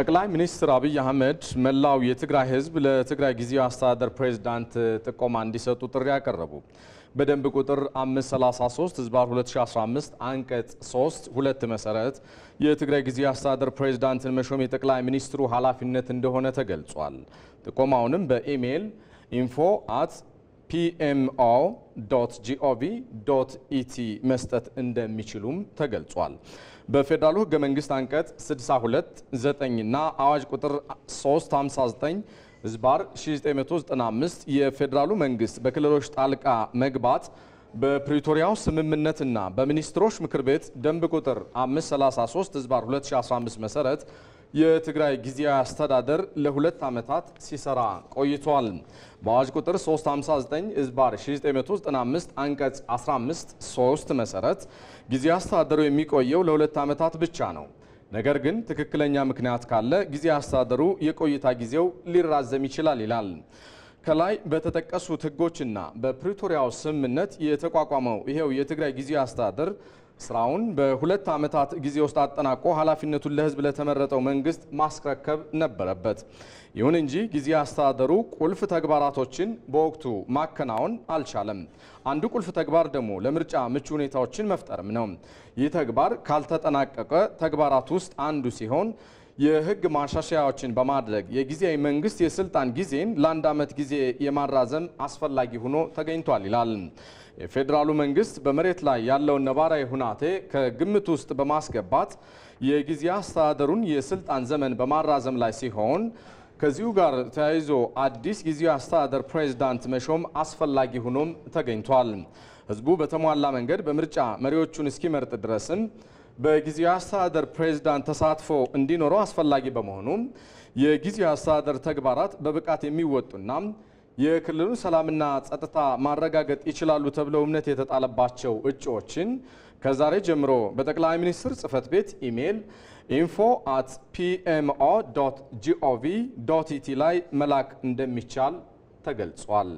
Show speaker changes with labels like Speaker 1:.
Speaker 1: ጠቅላይ ሚኒስትር አብይ አህመድ መላው የትግራይ ህዝብ ለትግራይ ጊዜያዊ አስተዳደር ፕሬዝዳንት ጥቆማ እንዲሰጡ ጥሪ አቀረቡ። በደንብ ቁጥር 533 ህዝባር 2015 አንቀጽ 3 ሁለት መሰረት የትግራይ ጊዜያዊ አስተዳደር ፕሬዝዳንትን መሾም የጠቅላይ ሚኒስትሩ ኃላፊነት እንደሆነ ተገልጿል። ጥቆማውንም በኢሜይል ኢንፎ አት pmo.gov.ኢቲ መስጠት እንደሚችሉም ተገልጿል። በፌዴራሉ ህገ መንግስት አንቀጽ 62 9 እና አዋጅ ቁጥር 359 ዝባር 1995 የፌዴራሉ መንግስት በክልሎች ጣልቃ መግባት በፕሪቶሪያው ስምምነትና በሚኒስትሮች ምክር ቤት ደንብ ቁጥር 533 ዝባር 2015 መሰረት የትግራይ ጊዜያዊ አስተዳደር ለሁለት ዓመታት ሲሰራ ቆይቷል። በአዋጅ ቁጥር 359 ዝባር 1995 አንቀጽ 15 3 መሰረት ጊዜያዊ አስተዳደሩ የሚቆየው ለሁለት ዓመታት ብቻ ነው። ነገር ግን ትክክለኛ ምክንያት ካለ ጊዜያዊ አስተዳደሩ የቆይታ ጊዜው ሊራዘም ይችላል ይላል። ከላይ በተጠቀሱት ህጎችና በፕሪቶሪያው ስምምነት የተቋቋመው ይሄው የትግራይ ጊዜያዊ አስተዳደር ስራውን በሁለት ዓመታት ጊዜ ውስጥ አጠናቆ ኃላፊነቱን ለህዝብ ለተመረጠው መንግስት ማስረከብ ነበረበት። ይሁን እንጂ ጊዜ አስተዳደሩ ቁልፍ ተግባራቶችን በወቅቱ ማከናወን አልቻለም። አንዱ ቁልፍ ተግባር ደግሞ ለምርጫ ምቹ ሁኔታዎችን መፍጠርም ነው። ይህ ተግባር ካልተጠናቀቀ ተግባራት ውስጥ አንዱ ሲሆን የህግ ማሻሻያዎችን በማድረግ የጊዜያዊ መንግስት የስልጣን ጊዜን ለአንድ ዓመት ጊዜ የማራዘም አስፈላጊ ሆኖ ተገኝቷል ይላል። የፌዴራሉ መንግስት በመሬት ላይ ያለውን ነባራዊ ሁናቴ ከግምት ውስጥ በማስገባት የጊዜ አስተዳደሩን የስልጣን ዘመን በማራዘም ላይ ሲሆን ከዚሁ ጋር ተያይዞ አዲስ ጊዜ አስተዳደር ፕሬዝዳንት መሾም አስፈላጊ ሆኖም ተገኝቷል። ህዝቡ በተሟላ መንገድ በምርጫ መሪዎቹን እስኪመርጥ ድረስም በጊዜ አስተዳደር ፕሬዝዳንት ተሳትፎ እንዲኖረው አስፈላጊ በመሆኑ የጊዜ አስተዳደር ተግባራት በብቃት የሚወጡና የክልሉን ሰላምና ጸጥታ ማረጋገጥ ይችላሉ ተብለው እምነት የተጣለባቸው እጩዎችን ከዛሬ ጀምሮ በጠቅላይ ሚኒስትር ጽህፈት ቤት ኢሜይል ኢንፎ አት ፒኤምኦ ዶት ጂኦቪ ዶት ኢቲ ላይ መላክ እንደሚቻል ተገልጿል።